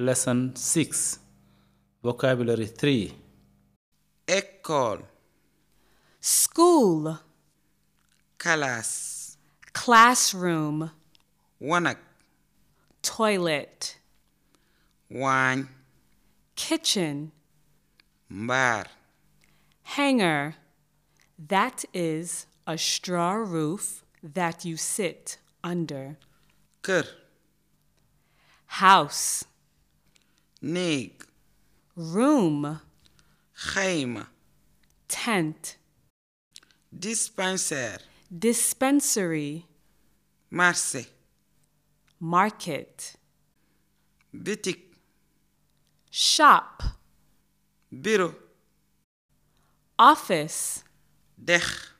Lesson 6 Vocabulary 3 École School Classe Classroom Wanak Toilet Wine Kitchen Bar Hanger That is a straw roof that you sit under Kır House néeg room xayma tent dispensaire dispensary marché market bitik shop bureau office dex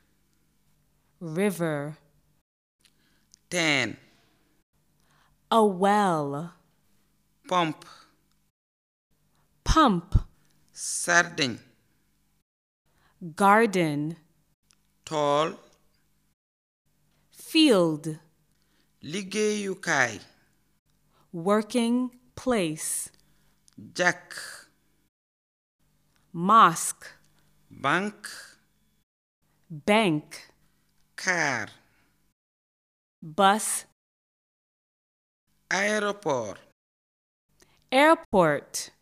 river teen a well pump, sardine, garden, tool, field, liggéeyukaay, working place, jàkk, mosque, bank, bank, car, bus, aéroport, airport